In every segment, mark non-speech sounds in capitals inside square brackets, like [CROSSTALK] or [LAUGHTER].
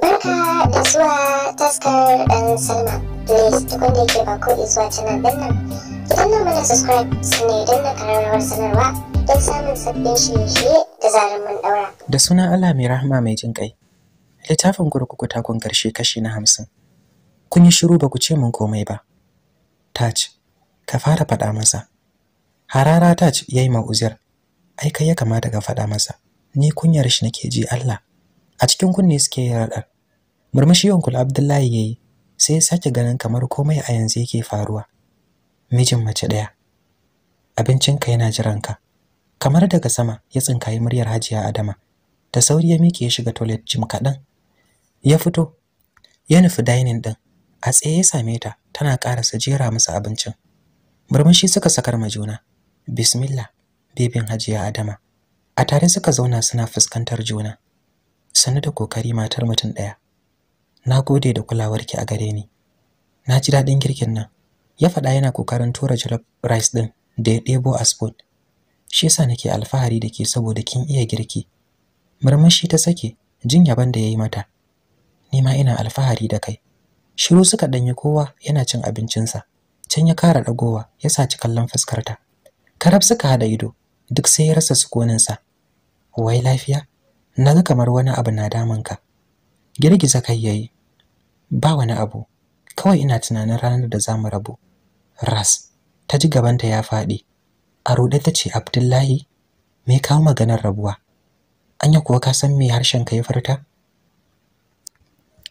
Barka da zuwa taskar ɗan Salma. Please duk wanda ba ko subscribe don da zarar mun Allah mai rahama mai jin ƙai. Littafin kurkuku takon karshe kashi na hamsin. Kun yi shiru ba ku ce mun komai ba. Touch. ka fara faɗa masa harara taj yayi ma uzir ai kai ya kamata ka faɗa masa ni kunyar shi nake ji Allah a cikin kunne suke radar murmushi yankul Abdullahi ya yi. sai ya sake ganin kamar komai a yanzu yake faruwa mijin mace daya abincinka yana jiranka kamar daga sama ya tsinkayi muryar Hajiya Adama da sauri ya miƙe ya shiga toilet jim kaɗan ya fito ya nufi dining din a tsaye ya same ta tana ƙarasa jera masa abincin murmushi suka sakar ma juna bismillah bebin hajiya adama a tare suka zauna suna fuskantar juna sanu da kokari matar mutum ɗaya na gode da kulawarki a gare ni na ji daɗin girkin nan ya faɗa yana kokarin tura jollof rice ɗin da ya ɗebo a spoon shi yasa nake alfahari da ke saboda kin iya girki murmushi ta sake jin yaban da yayi mata Nima ina alfahari da kai shiru suka danyi kowa yana cin abincinsa can ya kara dagowa ya saci kallon fuskarta karab suka hada ido duk sai ya rasa sukoninsa wai lafiya na ga kamar wani abu na daman ka. girgiza kai yayi ba wani abu kawai ina tunanin ranar da zamu rabu ras ta ji gabanta ya faɗi a ruɗe ta ce abdullahi me kawo maganar rabuwa anya kuwa ka san me harshen ka ya furta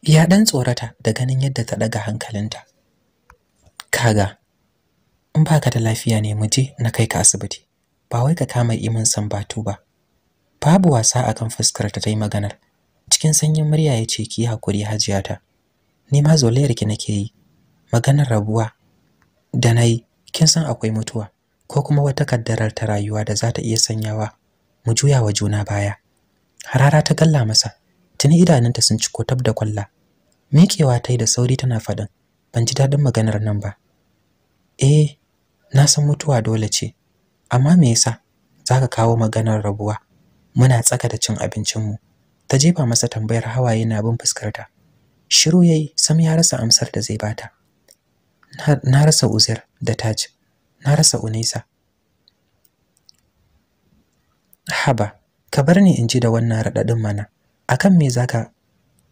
ya dan tsorata da ganin yadda ta daga hankalinta kaga in baka da lafiya ne mu je na kai ka asibiti ba wai ka kama san batu ba babu wasa akan fuskar ta tayi maganar cikin sanyin murya ya ce ki hakuri hajiya ta ni ma zolayar ki nake yi maganar rabuwa da nayi kin san akwai mutuwa ko kuma wata kaddarar ta rayuwa da za ta iya sanyawa mu juya wa juna baya harara ta galla masa tuni idanunta sun ci kotab da kwalla miƙewa ta yi da sauri tana faɗin ban ji daɗin maganar nan ba eh na san mutuwa dole ce amma me yasa ka kawo maganar rabuwa muna tsaka da cin abincinmu ta jefa masa tambayar hawaye na bin fuskarta shiru ya yi sam ya rasa amsar da zai bata na rasa uzir da taj na rasa unisa. haba ka bar ni in ji da wannan raɗaɗin mana akan me za ka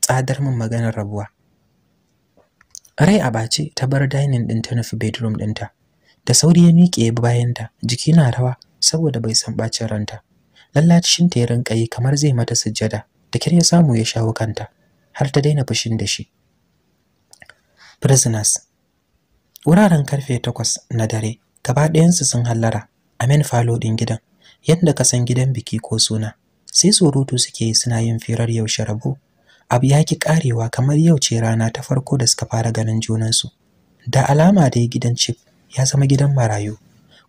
tsadar min maganar rabuwa Rai a bace ta bar dining din ta nufi bedroom ɗinta. Da sauri ya miƙe ya bi bayanta, jiki na rawa saboda bai san bacin ranta. Lallacin ta ya rinka yi kamar zai mata sujjada, da kyar ya samu ya shawo kanta, har ta daina fushin da shi. Prisoners Wuraren karfe takwas na dare, gaba ɗayansu sun hallara a main falo ɗin gidan, yadda ka san gidan biki ko suna. Sai surutu suke suna yin firar yaushe rabo abu ya ki karewa kamar yau ce rana ta farko da suka fara ganin junansu da alama dai gidan cif ya zama gidan marayu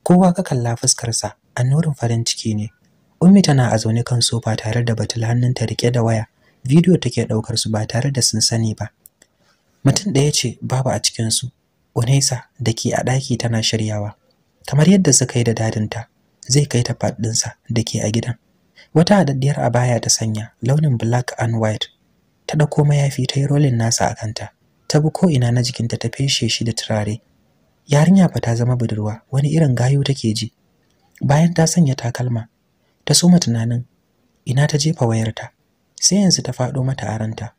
kowa ka kalla fuskarsa annurin farin ciki ne ummi tana a zaune kan sofa tare da batul hannunta rike da waya bidiyo take daukar su ba tare da sun sani ba mutum ɗaya ce babu a cikinsu unaisa da ke a ɗaki tana shiryawa kamar yadda suka yi da dadinta zai kai ta faɗinsa da ke a gidan wata haɗaɗɗiyar abaya ta sanya launin black and white ta ɗauko mayafi ta yi rolin nasa a kanta ta bi ko'ina na jikinta ta feshe shi da turare yarinya fa ta zama budurwa wani irin gayu take ji bayan ta sanya takalma ta soma tunanin ina ta jefa wayarta sai yanzu ta faɗo mata aranta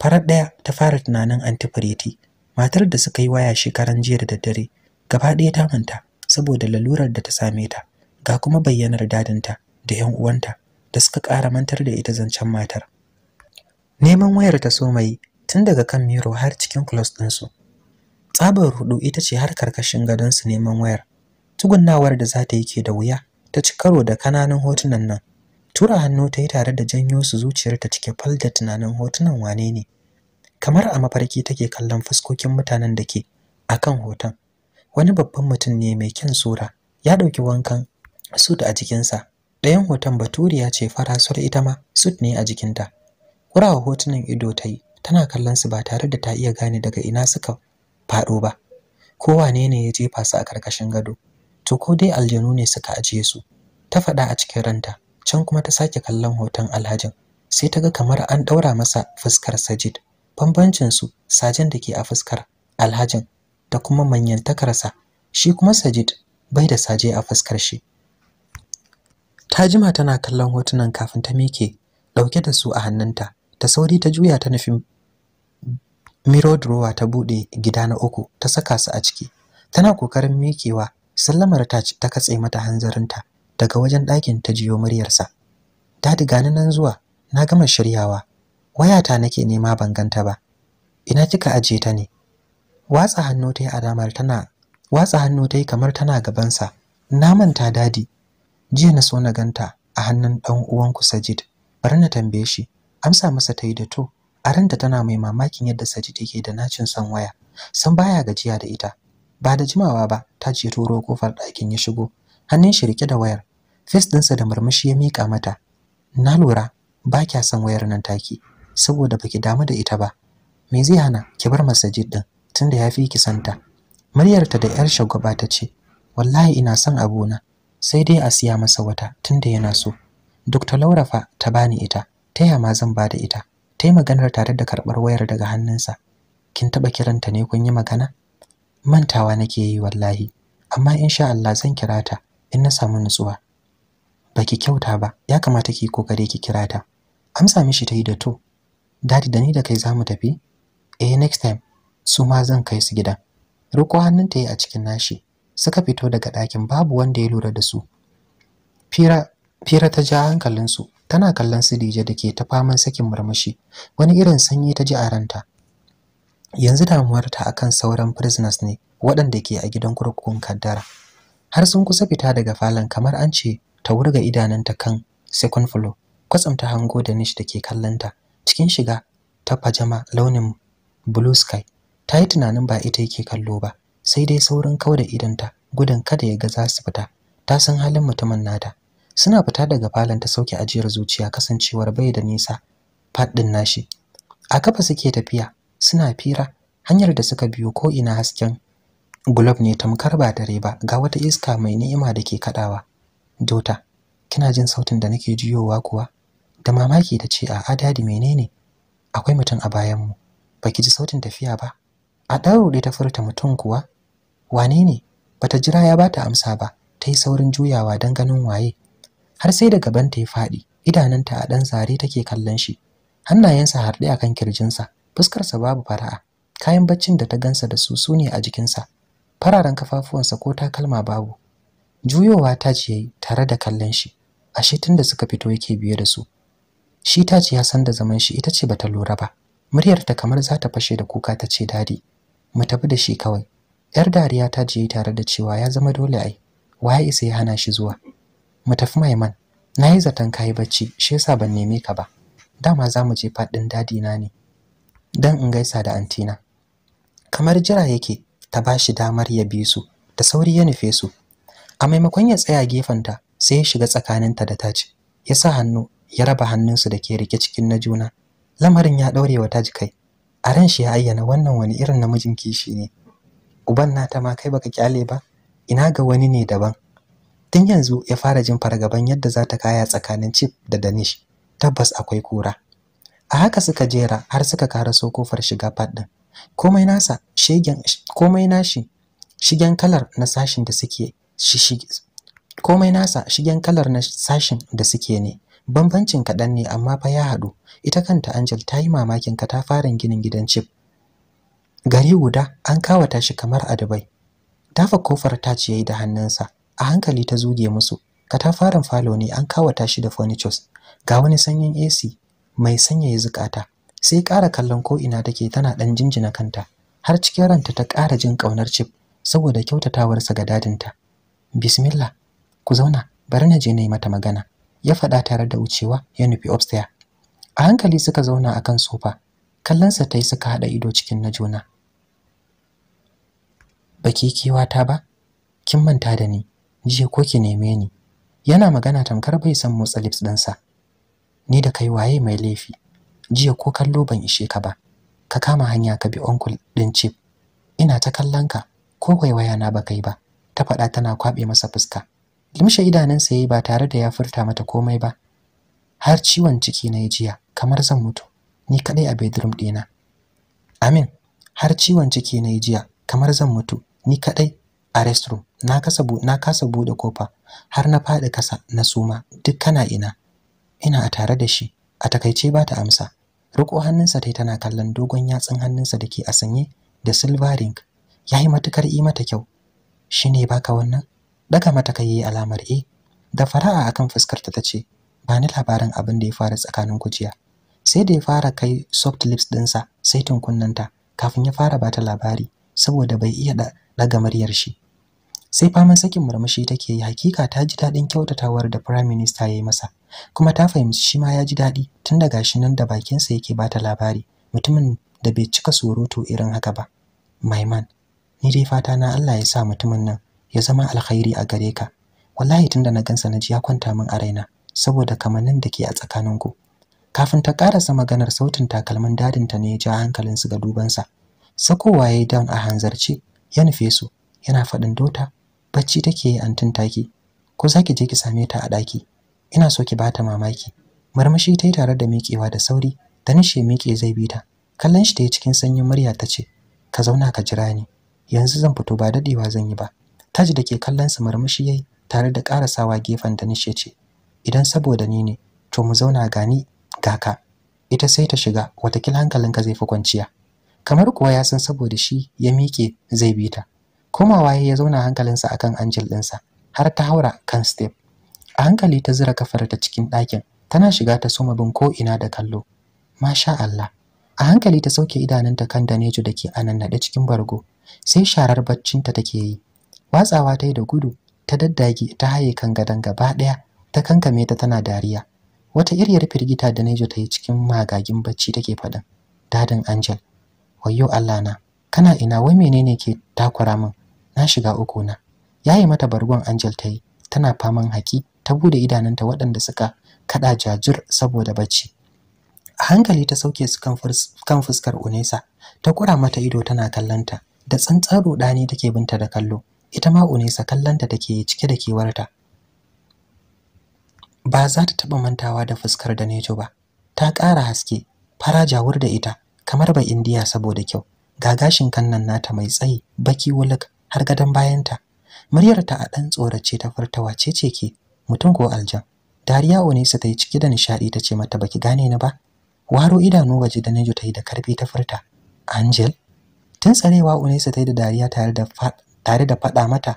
farar ɗaya ta fara tunanin antifireti matar da suka yi waya shekaran jiya da daddare gaba ɗaya ta manta saboda lalurar da ta same ta ga kuma bayyanar dadinta da 'yan uwanta da suka ƙara mantar da ita zancen matar neman wayar ta so tun daga kan miro har cikin close su. tsabar rudu ita ce har karkashin su neman wayar tugunnawar da za ta yi ke da wuya ta ci karo da kananan hotunan nan tura hannu ta yi tare da janyo su zuciyar ta cike fal da tunanin hotunan wane ne kamar a mafarki take kallon fuskokin mutanen da ke a kan hoton wani babban mutum ne mai kyan sura ya ɗauki wankan sut a jikinsa ɗayan hoton baturiya ce farasar ita ma sut ne a jikinta Kurawa hotunan ido ta yi, tana kallon su ba tare da ta iya gane daga ina suka faɗo ba. Ko wane ne ya jefa su a ƙarƙashin gado? To ko dai aljanu ne suka ajiye su? Ta faɗa a cikin ranta, can kuma ta sake kallon hoton alhajin. Sai ta ga kamar an ɗaura masa fuskar Sajid. Bambancin su, sajen da ke a fuskar alhajin da kuma manyan manyantakarsa, shi kuma Sajid bai da saje a fuskar shi. Ta jima tana kallon hotunan kafin ta mike ɗauke da su a hannunta. da sauri ta juya ta nufi mirror drawer ta bude gida na uku ta saka su a ciki tana kokarin mikewa sallamar ta ta katse mata hanzarinta daga wajen ɗakin ta jiyo muryarsa dadi gani nan zuwa na gama shiryawa wayata nake nema ban ganta ba ina kika aje ta ne watsa hannu tai alamar tana watsa hannu tai kamar tana gabansa na manta dadi jiya na so na ganta a hannun dan uwan uwanku Sajid bari na tambaye shi amsa masa ta yi da to a ranta tana mai mamakin yadda saji yake da nacin son waya san baya gajiya da ita ba da jimawa ba ta ce turo kofar ɗakin ya shigo hannun shi rike da wayar fes ɗinsa da murmushi ya mika mata na lura ba kya son wayar nan take saboda baki damu da ita ba me zai hana ki bar masajid ɗin, tunda yafi ki santa muryarta da yar shagwaba ta ce wallahi ina son abuna sai dai a siya masa wata tunda yana so dr laura fa ta bani ita ta ya ma zan bada ita ta yi maganar tare da karɓar wayar daga hannunsa kin taɓa kiranta ne kun yi magana mantawa nake yi wallahi amma insha Allah zan kira ta in na samu nutsuwa baki kyauta ba ya kamata ki kokare ki kira ta amsa mishi ta yi da to dadi da ni da kai zamu tafi eh next time su ma zan kai su gida riko hannunta yi a cikin nashi suka fito daga ɗakin babu wanda ya lura da su fira fira ta ja hankalinsu tana kallon su Dije da ke ta faman sakin murmushi wani irin sanyi ta ji a ranta yanzu damuwarta akan sauran prisoners ne waɗanda ke a gidan kurkukun kaddara har sun kusa fita daga falon kamar an ce ta wurga idananta kan second floor kwatsam ta hango da nish da ke kallonta cikin shiga ta fajama launin blue sky ta yi tunanin ba ita yake kallo ba sai dai saurin kauda idanta gudun kada ya ga za su fita ta san halin mutumin nata suna fita daga falon ta sauke ajiyar zuciya kasancewar bai da nisa faɗin nashi a kafa suke tafiya suna fira hanyar da suka biyo ko ina hasken Gulab ne tamkar ba dare ba ga wata iska mai ni'ima da ke kaɗawa dota kina jin sautin da nake jiyowa kuwa da mamaki ta ce a adadi menene akwai mutum a bayanmu baki ji sautin tafiya ba a ɗan ta furta mutum kuwa wane ne bata jira ya bata amsa ba ta yi saurin juyawa don ganin waye har sai da gabanta ya faɗi idananta a ɗan zare take kallon shi hannayensa harɗe kan kirjinsa fuskarsa babu fara'a kayan baccin da ta gansa da su su ne a jikinsa fararen kafafuwansa ko takalma babu juyowa ta ce yayi tare da kallon shi ashe tunda suka fito yake biye da su shi ta ce ya san da zaman shi ita ce bata lura ba Muryarta kamar za ta fashe da kuka ta ce dadi mu tafi da shi kawai yar dariya ta je tare da cewa ya zama dole ai waye isa ya hana shi zuwa mu tafi maiman na yi zaton kayi bacci shi yasa ban neme ka ba dama za mu je faɗin na ne Dan in gaisa da antina kamar jira yake ta ba shi damar ya bi su da sauri ya nufe su a maimakon ya tsaya gefenta sai ya shiga tsakaninta da ta taci ya sa hannu ya raba hannunsu da ke rike cikin na juna lamarin ya ɗaure wa taji kai a ran shi ya ayyana wannan wani irin namijin kishi ne uban na ta ma kai baka kyale ba ina ga wani ne daban tun yanzu ya fara jin fargaban yadda za ta kaya tsakanin Chip da Danish tabbas akwai kura a haka suka jera har suka karaso kofar shiga faɗin komai nasa shegen komai nashi shigen kalar na sashin da suke komai nasa shigen kalar na sashin da suke ne bambancin kaɗan ne amma fa ya haɗu ita kanta Angel ta yi mamakin ka ta katafaren ginin gidan Chip gari guda an kawata shi kamar a Dubai dafa kofar ta ciye da hannunsa a hankali ta zuge musu katafaren falo ne an kawata shi da furnitures ga wani sanyin AC mai sanyaya zukata sai ƙara kallon ko ina take tana ɗan jinjina kanta har cikin ranta ta ƙara jin ƙaunar cif saboda kyautatawarsa ga dadinta bismillah ku zauna bari na je na mata magana ya faɗa tare da wucewa ya nufi upstairs a hankali suka zauna a kan sofa kallonsa ta yi suka haɗa ido cikin na juna baki kiwata ba kin manta da ni je ko ki neme ni yana magana tamkar bai san motsa lips ɗinsa ni da kai waye mai laifi jiya ko kallo ban ishe ka ba ka kama hanya ka bi uncle, din chip ina ta kallon ka ko waiwaya na ba kai ba ta faɗa tana kwaɓe masa fuska limshe idanunsa yayi ba tare da ya furta mata komai ba har ciwon ciki na jiya kamar zan mutu ni kadai a bedroom ɗina amin har ciwon ciki na jiya kamar zan mutu ni kadai a restroom na kasa bu na kasa bude kofa har na fadi kasa na suma duk kana ina ina a tare da shi a takaice ba ta amsa riko hannunsa tai tana kallon dogon yatsun hannunsa dake a sanye da silver ring yayi matukar yi mata kyau shine baka wannan daga mata kai alamar e da fara'a akan fuskarta tace ba ni labarin abin da ya fara tsakanin kujiya sai da ya fara kai soft lips dinsa sai tunkunnanta kafin ya fara bata labari saboda bai iya daga muryar shi sai faman sakin murmushi take yi hakika ta ji daɗin kyautatawar da prime minister ya yi masa kuma ta fahimci shi ma ya ji daɗi tun daga shi nan da bakin sa yake bata labari mutumin da bai cika surutu irin haka ba maiman ni dai fata na Allah ya sa mutumin nan ya zama alkhairi a gare ka wallahi tunda na gansa na ji ya kwanta min a raina saboda kamannin da ke a ku kafin ta karasa maganar sautin takalmin ta ne ya ja su ga sa sakowa ya yi down a hanzarce ya nufe su yana faɗin dota bacci take yi antin take ko zaki je ki same ta a daki ina so ki bata mamaki marmashi ta tare da miƙewa da sauri da nishe miƙe zai bi ta kallon shi ta yi cikin sanyin murya ta ce ka zauna ka jira ni yanzu zan fito ba dadewa zan yi ba taji da ke kallon sa marmashi yayi tare da karasawa gefen da nishe ce idan saboda ni ne to mu zauna gani gaka ita sai ta shiga watakila hankalinka zai fi kwanciya kamar kuwa ya san saboda shi ya miƙe zai bi ta komawa ya zauna hankalinsa akan angel ɗinsa har ta haura kan step a hankali ta zira kafar ta cikin ɗakin tana shiga ta soma bin ko ina da kallo masha Allah a hankali ta sauke idanunta kan danejo da ke anannaɗe cikin bargo sai sharar baccinta take yi watsawa ta yi da gudu ta daddage ta haye kan gadon gaba ɗaya ta kankame ta tana dariya wata iriyar firgita da nejo ta yi cikin magagin bacci take faɗin dadin angel wayo allah na kana ina wai menene ke takura min na shiga uku na yayi mata bargon Angel ta yi tana faman haki ta bude idanunta waɗanda suka kada jajir saboda bacci a hankali ta sauke su kan fuskar Unesa ta kura mata ido tana kallanta da tsantsan rudani take binta da kallo ita ma Unesa kallanta take cike da kewarta ba za ta taba mantawa da fuskar da Neto ba ta ƙara haske fara jawur da ita kamar ba indiya saboda kyau ga gashin kannan nata mai tsayi baki wulak har gadon bayanta muryar ta a dan tsorace ta furta wace ce ke mutum ko aljan dariya wani sa tai ciki da nishadi ta ce mata baki gane ni ba waro idanu waje da nejo ta da karfi ta furta angel tun tsarewa unesa ta yi da dariya tare da tare da faɗa mata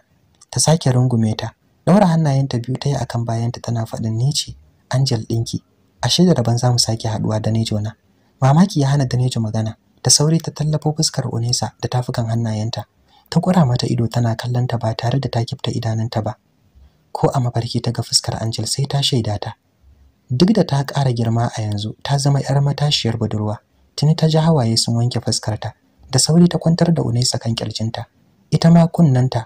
ta sake rungume ta daura hannayenta biyu ta akan bayanta tana faɗin nici. ce angel ɗinki ashe da rabon za sake haɗuwa da nejo na mamaki ya hana da nejo magana da sauri ta tallafo fuskar Unesa da tafukan hannayenta ta kura mata ido tana kallon ta ba tare da ta kifta idanunta ba ko a mafarki ta ga fuskar Angel sai ta shaida ta duk da ta ƙara girma a yanzu ta zama yar matashiyar budurwa tuni ta ji hawaye sun wanke fuskarta da sauri ta kwantar da Unesa kan kirjinta ita ma kunnanta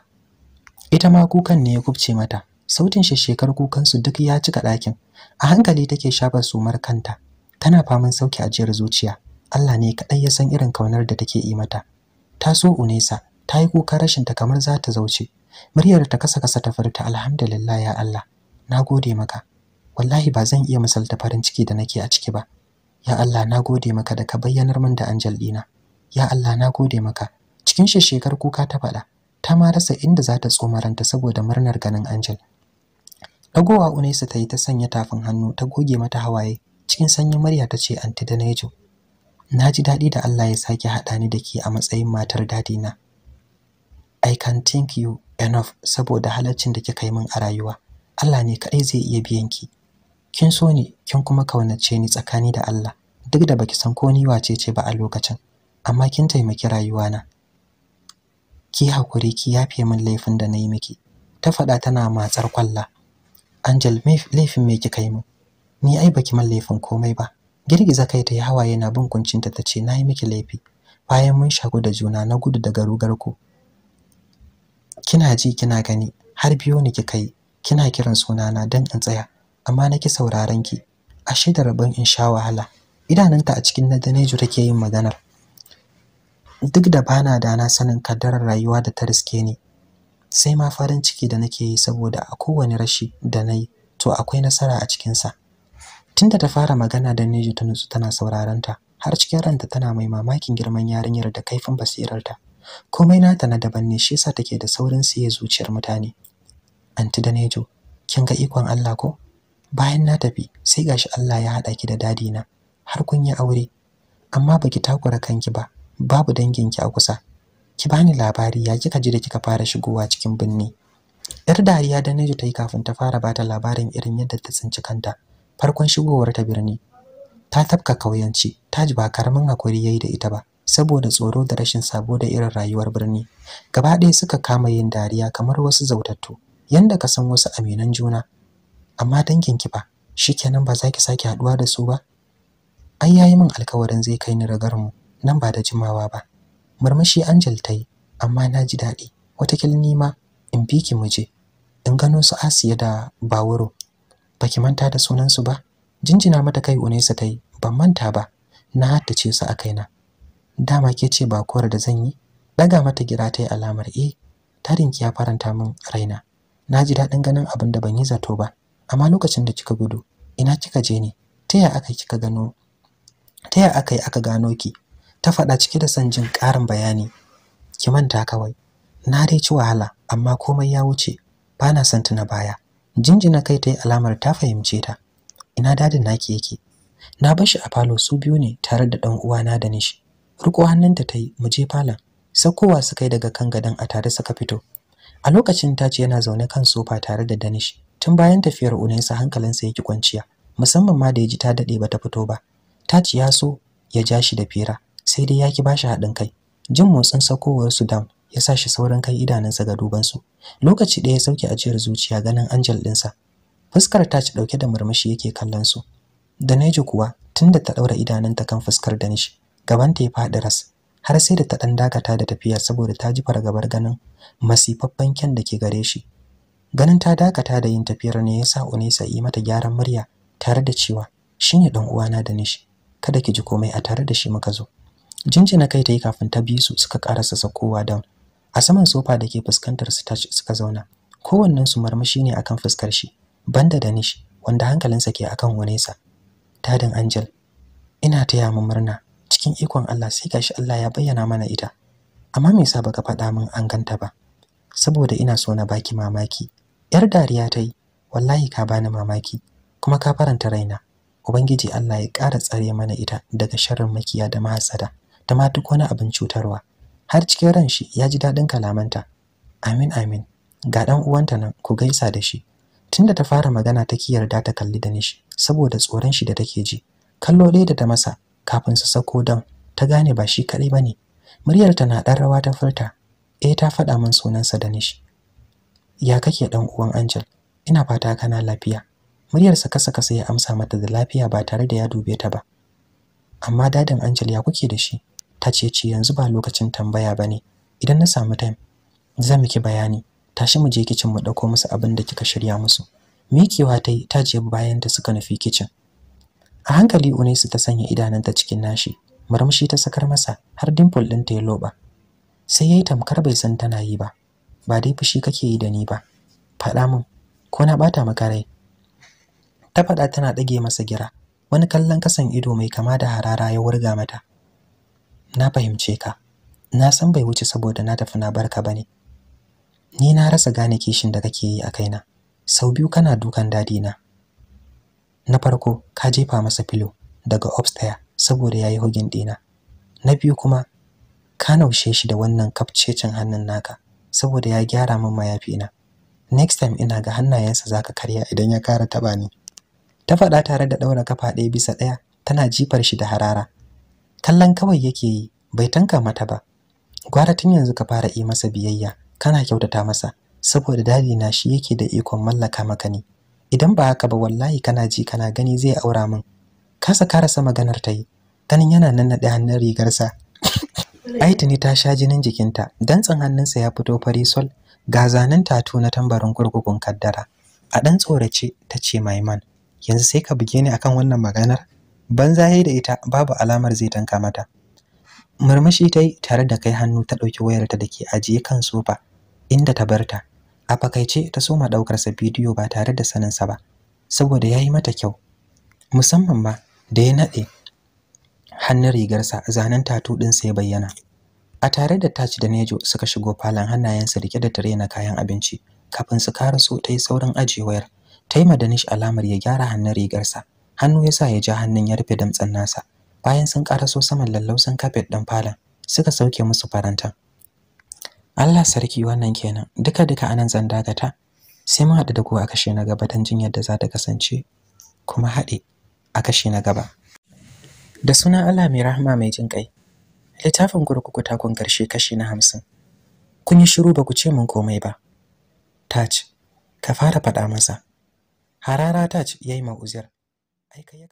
ita ma kukan ne ya kubce mata sautin shekar kukansu duk ya cika ɗakin a hankali take shafa sumar kanta tana faman sauki ajiyar zuciya Allah ne kaɗai ya san irin kaunar da take yi mata ta so Unesa ta yi kuka rashin ta kamar za ta zauce muryar ta kasa kasa ta furta alhamdulillah ya Allah na gode maka wallahi ba zan iya misalta farin ciki da nake a ciki ba ya Allah na gode maka da ka bayyanar min da Angel dina ya Allah na gode maka cikin shekar kuka ta faɗa ta ma rasa inda za ta tsoma ranta saboda murnar ganin Angel dagowa Unesa ta yi ta sanya tafin hannu ta goge mata hawaye cikin sanyin murya ta ce anti nejo. na ji daɗi da Allah ya sake haɗa ni da ke a matsayin matar dadina I can thank you enough saboda halaccin da kika yi min a rayuwa Allah ne kaɗai zai iya biyan ki kin so ni kin kuma kaunace ni tsakani da Allah duk da baki san ko ni wace ce ba a lokacin amma kin taimaki rayuwana ki hakuri ki yafe min laifin da na yi miki ta faɗa tana matsar kwalla Angel laifin me kika yi min ni ai baki man laifin komai ba girgiza kai ta hawaye na bin kuncinta ta ce na yi miki laifi bayan mun shaku da juna na gudu daga ku. kina ji kina gani har biyo ni kika yi kina kiran sunana don in tsaya amma naki sauraron ki ashe da rabon in sha wahala Idananta a cikin na ju take yin maganar duk da bana da na sanin kaddarar rayuwa da ta riske ni sai ma farin ciki da nake yi saboda a kowane rashi da na yi to akwai nasara a cikinsa Tunda ta fara magana da neju ta nutsu tana sauraron ta, har cikin ranta tana mai mamakin girman yarinyar da kaifin basirar ta. Komai nata na daban ne shi yasa take da saurin siye zuciyar mutane. Anti Danejo, kin ga ikon Allah ko? Bayan na tafi, sai gashi Allah ya haɗa ki da dadi na, har kun yi aure. Amma baki takura kanki ba, babu danginki a kusa. Ki bani labari ya kika ji da kika fara shigowa cikin binni. Yar dariya Danejo ta yi kafin ta fara bata labarin irin yadda ta tsinci kanta. farkon shigowar ta birni ta tafka kauyanci taj ba karamin hakuri yayi da ita ba saboda tsoro da rashin sabo da irin rayuwar birni gaba ɗaya suka kama yin dariya kamar wasu zautattu yanda ka san wasu aminan juna amma dangin ki fa shikenan ba za ki sake haduwa da su ba ai yayi min alkawarin zai kai ni ragar mu nan ba da jimawa ba murmushi Angel tayi, amma na ji daɗi wata kilnima in bi ki muje in gano su Asiya da Bawuro baki manta da sunansu ba jinjina mata kai Unesa ta yi ban manta ba na haddace su a kaina dama ke ce ba kowar da zan yi daga mata gira ta yi alamar eh rinki ya faranta min raina naji ji daɗin ganin abin da ban yi zato ba amma lokacin da kika gudu ina kika je ne ta aka kika gano taya aka yi aka gano ki ta faɗa cike da son jin karin bayani ki manta kawai na dai ci wahala amma komai ya wuce ba na son tuna baya jinjina kai ta yi alamar ta fahimce ta ina dadin naki yake na bar shi a falo su biyu ne tare da ɗan uwana da nishi riko hannunta ta yi mu je falon saukowa suka yi daga kan gadon a tare suka fito a lokacin ta ce yana zaune kan sofa tare da danish tun bayan tafiyar unensa hankalinsa yake kwanciya musamman ma da ya ji ta daɗe ta fito ba ta ya so ya ja shi da fira sai dai ya ki bashi haɗin kai jin motsin sakowar su dam ya sa shi saurin kai idanunsa ga dubansu lokaci ɗaya ya sauke ajiyar zuciya ganin angel ɗinsa fuskar ta ci ɗauke da murmushi yake kallon su da neji kuwa tunda ta ɗaura idanunta kan fuskar danish gabanta ya faɗi ras har sai da ta ɗan dakata da tafiya saboda ta ji fargabar ganin masifaffen kyan da ke gare shi ganin ta dakata da yin tafiyar ne ya sa Unesa yi mata gyaran murya tare da cewa shine dan uwana da nishi kada ki ji komai a tare da shi muka zo jinjina kai ta yi kafin ta bi su suka karasa sakowa down a saman sofa da ke fuskantar su suka zauna kowannen su marmashi ne akan fuskar shi banda da nishi wanda hankalinsa ke akan sa, tadin angel ina taya mu murna cikin ikon Allah sai gashi Allah ya bayyana mana ita amma me yasa baka faɗa min an ganta ba saboda ina so na baki mamaki yar dariya ta yi wallahi ka bani mamaki kuma ka faranta raina ubangiji Allah ya ƙara tsare mana ita daga sharrin makiya da mahasada da ma duk wani abin cutarwa har cikin ran shi ya ji daɗin kalamanta amin amin ga ɗan uwanta nan ku gaisa da shi tunda ta fara magana ta ki yarda ta kalli da nishi saboda tsoron shi da take ji kallo dai da ta masa kafin su sako Dan, ta gane ba shi kaɗai ba ne muryar ta na ɗan rawa ta furta eh ta faɗa min sunansa da nishi ya kake ɗan uwan Angel ina fata kana lafiya muryarsa kasa kasa ya amsa mata da lafiya ba tare da ya dube ta ba amma dadin Angel ya kuke da shi ta ce ce yanzu ba lokacin tambaya ba ne idan na samu time zan miki bayani tashi mu je kicin mu ɗauko musu abin da kika shirya musu mikewa ta yi ta je bayan da suka nufi kicin a hankali unesu ta sanya idananta cikin nashi murmushi ta sakar masa har dimple ɗinta ya loba sai yayi tamkar bai san tana yi ba ba dai fushi kake yi da ni ba faɗa min ko na ɓata maka rai ta faɗa tana ɗage masa gira wani kallon kasan ido mai kama da harara ya wurga mata na fahimce ka na san bai wuce saboda na tafi na barka bane ni na rasa gane kishin da kake yi a kaina sau biyu kana dukan dadi na na farko ka jefa masa filo daga upstairs saboda yayi hugin dina na biyu kuma ka naushe shi da wannan kafcecin hannun naka saboda ya gyara min mayafi na next time ina ga hannayensa zaka karya idan ya kara taba ni ta faɗa tare da ɗaura kafa ɗaya bisa ɗaya tana jifar shi da harara kallon kawai yake yi bai tanka mata ba gwara tun yanzu ka fara yi masa biyayya kana kyautata masa saboda dadi na shi yake da ikon mallaka maka ne idan ba haka ba wallahi kana ji kana gani zai aura min kasa karasa maganar ta yi ganin yana nan naɗe hannun rigarsa [LAUGHS] aitini ta sha jinin jikinta dantsan hannunsa ya fito fari sol ga zanen tatu na tambarin kurkukun kaddara a ɗan tsorace ta ce maiman yanzu sai ka buge ni akan wannan maganar banza yayi da ita babu alamar zai tanka mata murmushi ta yi tare da kai hannu ta ɗauki wayarta da ke ajiye kan sofa inda ta bar ta a fakaice ta soma ɗaukarsa bidiyo ba tare da saninsa ba saboda ya yi mata kyau musamman ma da ya naɗe hannun rigarsa zanen tatu ɗinsa ya bayyana a tare da tachi da nejo suka shigo falon hannayensa rike da tare na kayan abinci kafin su karaso ta yi saurin wayar, ta yi madanish alamar ya gyara hannun rigarsa hannu ya sa ya ja hannun ya rufe damtsan nasa bayan sun karaso saman lallausan kafet ɗin falon suka sauke musu faranta Allah sarki wannan kenan duka duka anan zan dagata sai mun haɗu da ku a kashe na gaba don jin yadda za ta kasance kuma haɗe a kashe na gaba da suna Allah mai rahama mai jin kai littafin kurkuku ta kun karshe kashi na hamsin kun yi shiru ba ku ce mun komai ba taj ka fara faɗa masa harara taj ya yi ma'uzir 还可以。